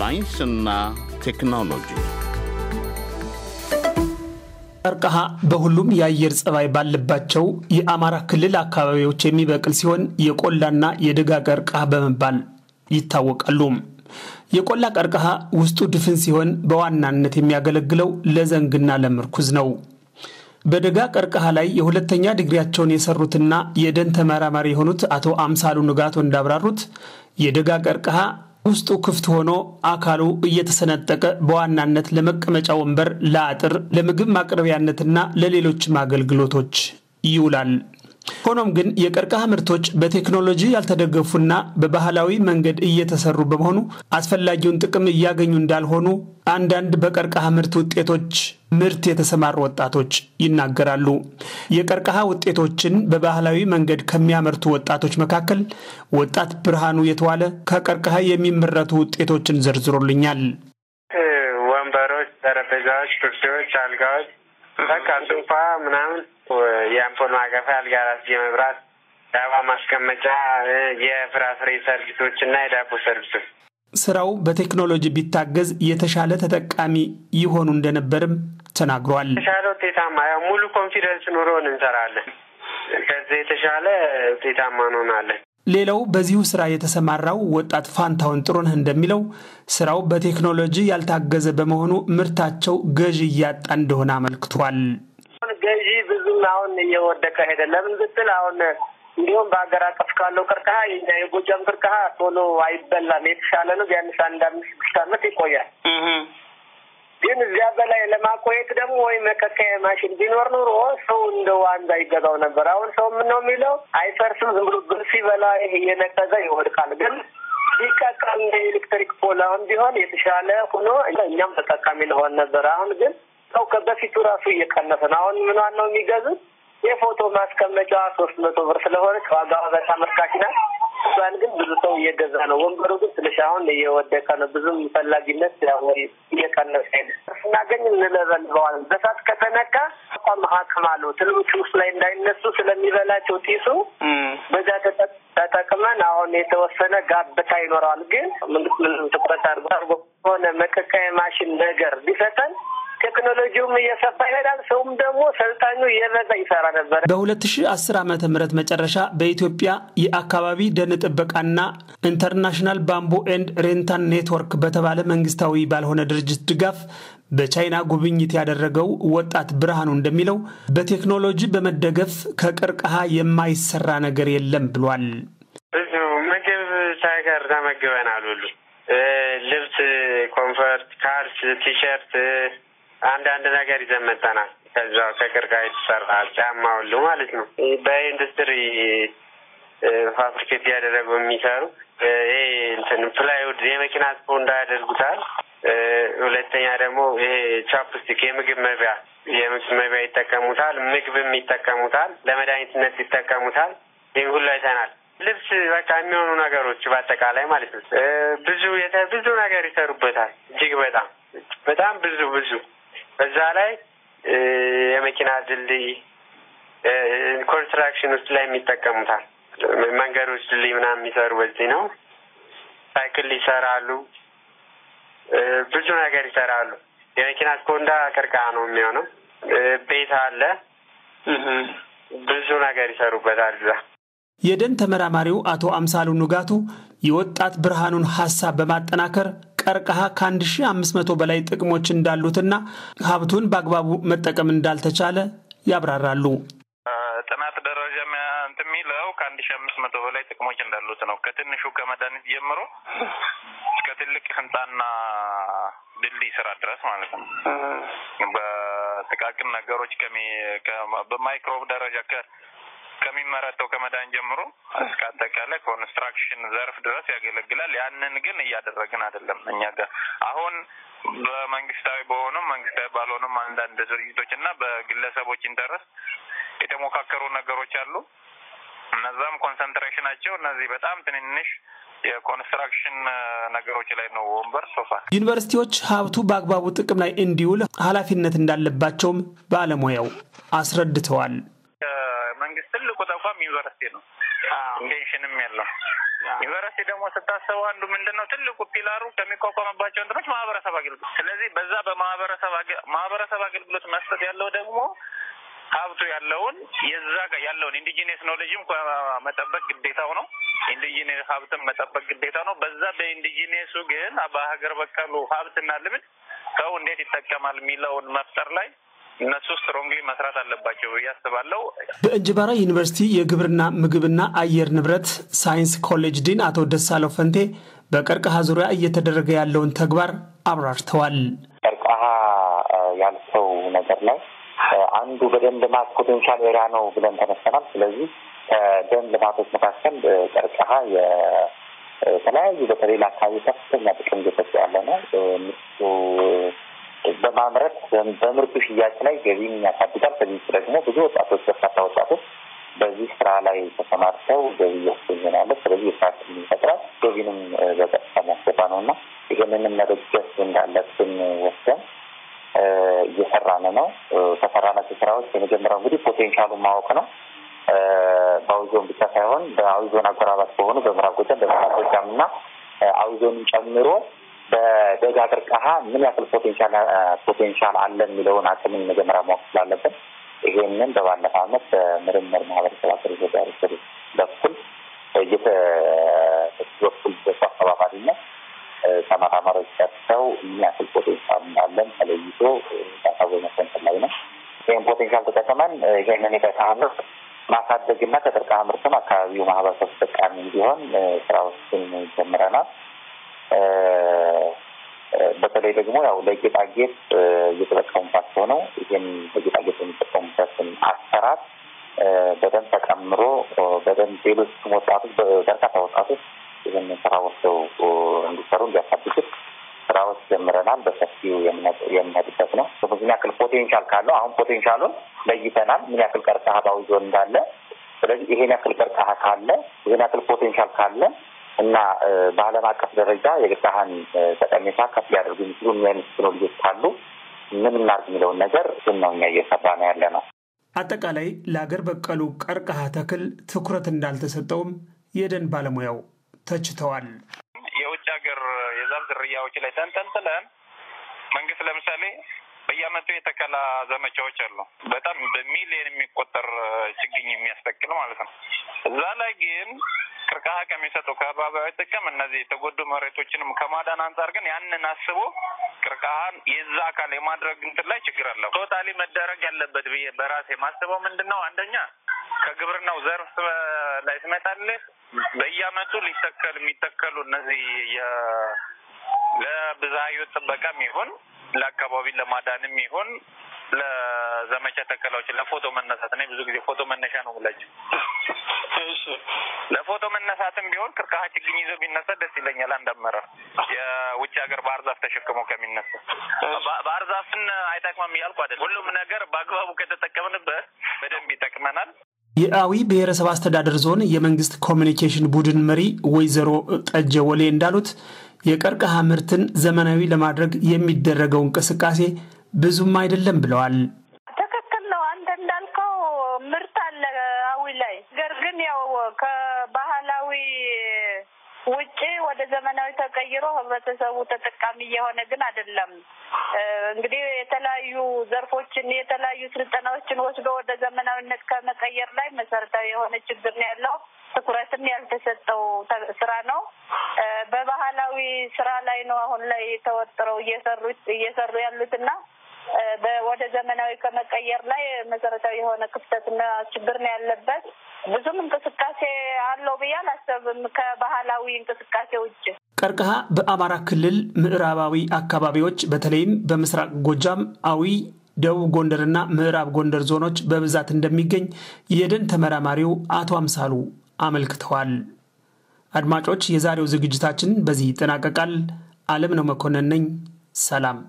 ሳይንስና ቴክኖሎጂ ቀርቀሃ በሁሉም የአየር ጸባይ ባለባቸው የአማራ ክልል አካባቢዎች የሚበቅል ሲሆን የቆላና የደጋ ቀርቀሃ በመባል ይታወቃሉ። የቆላ ቀርቀሃ ውስጡ ድፍን ሲሆን በዋናነት የሚያገለግለው ለዘንግና ለምርኩዝ ነው። በደጋ ቀርቀሃ ላይ የሁለተኛ ዲግሪያቸውን የሰሩትና የደን ተመራማሪ የሆኑት አቶ አምሳሉ ንጋቶ እንዳብራሩት የደጋ ቀርቀሃ ውስጡ ክፍት ሆኖ አካሉ እየተሰነጠቀ በዋናነት ለመቀመጫ ወንበር፣ ለአጥር፣ ለምግብ ማቅረቢያነትና ለሌሎችም አገልግሎቶች ይውላል። ሆኖም ግን የቀርከሃ ምርቶች በቴክኖሎጂ ያልተደገፉና በባህላዊ መንገድ እየተሰሩ በመሆኑ አስፈላጊውን ጥቅም እያገኙ እንዳልሆኑ አንዳንድ በቀርከሃ ምርት ውጤቶች ምርት የተሰማሩ ወጣቶች ይናገራሉ። የቀርከሃ ውጤቶችን በባህላዊ መንገድ ከሚያመርቱ ወጣቶች መካከል ወጣት ብርሃኑ የተዋለ ከቀርከሃ የሚመረቱ ውጤቶችን ዘርዝሮልኛል። ወንበሮች፣ ጠረጴዛዎች፣ ኩርሲዎች፣ አልጋዎች፣ በቃ ሶፋ ምናምን፣ የአምፖል ማቀፋ፣ አልጋ የመብራት ዳባ ማስቀመጫ፣ የፍራፍሬ ሰርቪሶች እና የዳቦ ሰርቪሶች ስራው በቴክኖሎጂ ቢታገዝ የተሻለ ተጠቃሚ ይሆኑ እንደነበርም ተናግሯል። የተሻለ ውጤታማ ያው ሙሉ ኮንፊደንስ ኑሮን እንሰራለን። ከዚህ የተሻለ ውጤታማ እንሆናለን። ሌላው በዚሁ ስራ የተሰማራው ወጣት ፋንታውን ጥሩነህ እንደሚለው ስራው በቴክኖሎጂ ያልታገዘ በመሆኑ ምርታቸው ገዢ እያጣ እንደሆነ አመልክቷል። ገዢ ብዙም አሁን እየወደቀ ሄደ። ለምን ብትል አሁን እንዲሁም በሀገር አቀፍ ካለው ቀርከሃ የኛ የጎጃም ቀርከሃ ቶሎ አይበላም። የተሻለ ነው። ቢያንስ አንድ አምስት ስድስት አመት ይቆያል። ግን እዚያ በላይ ለማቆየት ደግሞ ወይ መከከያ ማሽን ቢኖር ኑሮ ሰው እንደ ዋንዛ ይገዛው ነበር። አሁን ሰው ምን ነው የሚለው አይፈርስም፣ ዝም ብሎ ግን ሲበላ እየነቀዘ ይወድቃል። ግን ቢቀቀል እንደ ኤሌክትሪክ ቢሆን የተሻለ ሆኖ እኛም ተጠቃሚ ለሆን ነበር። አሁን ግን ሰው ከበፊቱ ራሱ እየቀነሰ ነው። አሁን ምኗን ነው የሚገዙት? የፎቶ ማስቀመጫዋ ሶስት መቶ ብር ስለሆነች ዋጋዋ በጣም ርካሽ ናት። እሷን ግን ብዙ ሰው እየገዛ ነው። ወንበሩ ግን ትንሽ አሁን እየወደቀ ነው። ብዙም ፈላጊነት እየቀነሰ ሄደ። ስናገኝ እንለበልበዋለን። በሳት ከተነካ እኳ ሀክም አለው። ትልቹ ውስጥ ላይ እንዳይነሱ ስለሚበላቸው ጢሱ በዛ ተጠቅመን አሁን የተወሰነ ጋብታ ይኖረዋል። ግን መንግስት ምንም ትኩረት አድርጎ አድርጎ ሆነ መቀቀያ ማሽን ነገር ቢሰጠን ቴክኖሎጂውም እየሰፋ ይሄዳል። ሰውም ደግሞ ሰልጣኙ እየበዛ ይሰራ ነበር። በሁለት ሺ አስር ዓመተ ምህረት መጨረሻ በኢትዮጵያ የአካባቢ ደን ጥበቃና ኢንተርናሽናል ባምቡ ኤንድ ሬንታን ኔትወርክ በተባለ መንግስታዊ ባልሆነ ድርጅት ድጋፍ በቻይና ጉብኝት ያደረገው ወጣት ብርሃኑ እንደሚለው በቴክኖሎጂ በመደገፍ ከቀርከሃ የማይሰራ ነገር የለም ብሏል። ብዙ ምግብ ሳይቀር ተመግበናል ሁሉ ልብስ፣ ኮንፈርት፣ ካርስ፣ ቲሸርት አንዳንድ ነገር ይዘን መጠናል። ከዛ ከቅርቃ የተሰራ ጫማ ሁሉ ማለት ነው። በኢንዱስትሪ ፋብሪኬት እያደረጉ የሚሰሩ ይሄ እንትን ፕላይውድ የመኪና ስፖ ያደርጉታል። ሁለተኛ ደግሞ ይሄ ቻፕስቲክ የምግብ መቢያ የምግብ መቢያ ይጠቀሙታል። ምግብም ይጠቀሙታል። ለመድኃኒትነት ይጠቀሙታል። ይህ ሁሉ አይተናል። ልብስ በቃ የሚሆኑ ነገሮች በአጠቃላይ ማለት ነው። ብዙ ብዙ ነገር ይሰሩበታል። እጅግ በጣም በጣም ብዙ ብዙ በዛ ላይ የመኪና ድልድይ ኮንስትራክሽን ውስጥ ላይ የሚጠቀሙታል። መንገዶች ድልድይ ምናምን የሚሰሩ በዚህ ነው። ሳይክል ይሰራሉ፣ ብዙ ነገር ይሰራሉ። የመኪና ስኮንዳ ቅርቃ ነው የሚሆነው። ቤት አለ፣ ብዙ ነገር ይሰሩበታል እዛ። የደን ተመራማሪው አቶ አምሳሉ ንጋቱ የወጣት ብርሃኑን ሀሳብ በማጠናከር ቀርከሃ ከ1500 በላይ ጥቅሞች እንዳሉትና ሀብቱን በአግባቡ መጠቀም እንዳልተቻለ ያብራራሉ። ጥናት ደረጃ እንትን የሚለው ከአንድ ሺ አምስት መቶ በላይ ጥቅሞች እንዳሉት ነው። ከትንሹ ከመድኃኒት ጀምሮ እስከ ትልቅ ህንጻና ድልድይ ስራ ድረስ ማለት ነው። በጥቃቅን ነገሮች በማይክሮብ ደረጃ ከሚመረተው ከመዳን ጀምሮ እስከ አጠቃላይ ኮንስትራክሽን ዘርፍ ድረስ ያገለግላል። ያንን ግን እያደረግን አይደለም። እኛ ጋር አሁን በመንግስታዊ በሆኑም መንግስታዊ ባልሆኑም አንዳንድ ድርጅቶች እና በግለሰቦች ኢንተረስ የተሞካከሩ ነገሮች አሉ። እነዛም ኮንሰንትሬሽናቸው እነዚህ በጣም ትንንሽ የኮንስትራክሽን ነገሮች ላይ ነው ወንበር ሶፋ። ዩኒቨርሲቲዎች ሀብቱ በአግባቡ ጥቅም ላይ እንዲውል ኃላፊነት እንዳለባቸውም ባለሙያው አስረድተዋል። ዩኒቨርሲቲ ነው ፔንሽንም የለው። ዩኒቨርሲቲ ደግሞ ስታስበው አንዱ ምንድን ነው ትልቁ ፒላሩ ከሚቋቋምባቸው እንትኖች ማህበረሰብ አገልግሎት። ስለዚህ በዛ በማህበረሰብ ማህበረሰብ አገልግሎት መስጠት ያለው ደግሞ ሀብቱ ያለውን የዛ ያለውን ኢንዲጂነስ ኖሌጅም መጠበቅ ግዴታው ነው። ኢንዲጂነስ ሀብትን መጠበቅ ግዴታ ነው። በዛ በኢንዲጂነሱ ግን በሀገር በቀሉ ሀብትና ልምድ ሰው እንዴት ይጠቀማል የሚለውን መፍጠር ላይ እነሱ ስትሮንግሊ መስራት አለባቸው ብዬ አስባለሁ። በእንጅባራ ዩኒቨርሲቲ የግብርና ምግብና አየር ንብረት ሳይንስ ኮሌጅ ዲን አቶ ደሳለው ፈንቴ በቀርቀሃ ዙሪያ እየተደረገ ያለውን ተግባር አብራርተዋል። ቀርቀሃ ያልሰው ነገር ላይ አንዱ በደንብ ልማት ፖቴንሻል ኤሪያ ነው ብለን ተነስተናል። ስለዚህ ከደን ልማቶች መካከል ቀርቀሃ የተለያዩ በተሌላ አካባቢ ከፍተኛ ጥቅም እየሰጠ ያለ ነው። በማምረት በምርቱ ሽያጭ ላይ ገቢን ያሳድጋል። ከዚህ ደግሞ ብዙ ወጣቶች በርካታ ወጣቶች በዚህ ስራ ላይ ተሰማርተው ገቢ እያስገኘናለ። ስለዚህ የስራ ይፈጥራል፣ ገቢንም በቀጥታ የሚያስገባ ነው እና ይህንንም መደገፍ እንዳለብን ወስደን እየሰራን ነው። ከሰራናቸው ስራዎች የመጀመሪያው እንግዲህ ፖቴንሻሉን ማወቅ ነው። በአዊ ዞን ብቻ ሳይሆን በአዊ ዞን አጎራባት በሆኑ በምዕራብ ጎጃም፣ በምዕራብ ጎጃም እና አዊ ዞንን ጨምሮ በደጋ ቅርቀሀ ምን ያክል ፖቴንሻል ፖቴንሻል አለ የሚለውን አቅምን መጀመሪያ ማወቅ ስላለብን ይሄንን በባለፈ አመት በምርምር ማህበረሰብ አገር ኢትዮጵያ ሪሰርች በኩል እየተወኩል በሱ አስተባባሪነት ተመራማሪዎች ሰርተው ምን ያክል ፖቴንሻል እንዳለን ተለይቶ ታሳቦ መሰንጠር ላይ ነው። ይህም ፖቴንሻል ተጠቅመን ይሄንን የቀርቀሃ ምርት ማሳደግና ከቀርቀሃ ምርትም አካባቢው ማህበረሰብ ተጠቃሚ እንዲሆን ስራዎችን ጀምረናል። በተለይ ደግሞ ያው ለጌጣጌጥ እየተጠቀሙባቸው ነው። ይህም በጌጣጌጥ የሚጠቀሙበትን አሰራር በደንብ ተቀምሮ በደንብ ሌሎች ወጣቶች በርካታ ወጣቶች ይህን ስራ ወስደው እንዲሰሩ እንዲያሳድጉት ስራዎች ጀምረናል። በሰፊው የምንሄድበት ነው። ምን ያክል ፖቴንሻል ካለው አሁን ፖቴንሻሉን ለይተናል። ምን ያክል ቀርቀሃ ባዊ ዞን እንዳለ። ስለዚህ ይሄን ያክል ቀርቀሃ ካለ ይሄን ያክል ፖቴንሻል ካለ እና በዓለም አቀፍ ደረጃ የፀሐን ጠቀሜታ ከፍ ሊያደርጉ የሚችሉ ምን አይነት ቴክኖሎጂዎች ካሉ ምን እናርግ የሚለውን ነገር እሱን ነው እኛ እየሰራ ነው ያለ ነው። አጠቃላይ ለአገር በቀሉ ቀርከሃ ተክል ትኩረት እንዳልተሰጠውም የደን ባለሙያው ተችተዋል። የውጭ ሀገር የዛፍ ዝርያዎች ላይ ተንጠልጥለን መንግስት ለምሳሌ በየአመቱ የተከላ ዘመቻዎች አሉ። በጣም በሚሊዮን የሚቆጠር ችግኝ የሚያስተክል ማለት ነው። እዛ ላይ ግን ቅርቃሃ ከሚሰጡ ከባቢያዊ ጥቅም እነዚህ የተጎዱ መሬቶችንም ከማዳን አንጻር ግን ያንን አስቦ ቅርቃሃን የዛ አካል የማድረግ እንትን ላይ ችግር አለው። ቶታሊ መደረግ ያለበት ብዬ በራሴ ማስበው ምንድን ነው አንደኛ ከግብርናው ዘርፍ ላይ ትመጣለህ። በየአመቱ ሊተከል የሚተከሉ እነዚህ ለብዝሃ ህይወት ጥበቃም ይሁን ለአካባቢ ለማዳንም ይሁን ለዘመቻ ተከላዎች ለፎቶ መነሳት እኔ ብዙ ጊዜ ፎቶ መነሻ ነው የምላቸው። ለፎቶ መነሳትም ቢሆን ቅርቃሃ ችግኝ ይዞ ቢነሳ ደስ ይለኛል። አንዳመረ የውጭ ሀገር ባህር ዛፍ ተሸክሞ ከሚነሳ ባህር ዛፍን አይጠቅመም እያልኩ አይደለም። ሁሉም ነገር በአግባቡ ከተጠቀምንበት በደንብ ይጠቅመናል። የአዊ ብሔረሰብ አስተዳደር ዞን የመንግስት ኮሚኒኬሽን ቡድን መሪ ወይዘሮ ጠጀ ወሌ እንዳሉት የቀርከሃ ምርትን ዘመናዊ ለማድረግ የሚደረገው እንቅስቃሴ ብዙም አይደለም ብለዋል። ትክክል ነው። አንተ እንዳልከው ምርት አለ አዊ ላይ ነገር ግን ያው ከባህላዊ ውጭ ወደ ዘመናዊ ተቀይሮ ህብረተሰቡ ተጠቃሚ እየሆነ ግን አይደለም። እንግዲህ የተለያዩ ዘርፎችን የተለያዩ ስልጠናዎችን ወስዶ ወደ ዘመናዊነት ከመቀየር ላይ መሰረታዊ የሆነ ችግር ነው ያለው። ትኩረትም ያልተሰጠው ስራ ነው። በባህላዊ ስራ ላይ ነው አሁን ላይ ተወጥረው እየሰሩ እየሰሩ ያሉትና ወደ ዘመናዊ ከመቀየር ላይ መሰረታዊ የሆነ ክፍተትና ችግር ነው ያለበት። ብዙም እንቅስቃሴ አለው ብዬ አላሰብም ከባህላዊ እንቅስቃሴ ውጭ። ቀርከሃ በአማራ ክልል ምዕራባዊ አካባቢዎች በተለይም በምስራቅ ጎጃም፣ አዊ፣ ደቡብ ጎንደርና ምዕራብ ጎንደር ዞኖች በብዛት እንደሚገኝ የደን ተመራማሪው አቶ አምሳሉ አመልክተዋል። አድማጮች፣ የዛሬው ዝግጅታችን በዚህ ይጠናቀቃል። አለም ነው መኮንን ነኝ። ሰላም።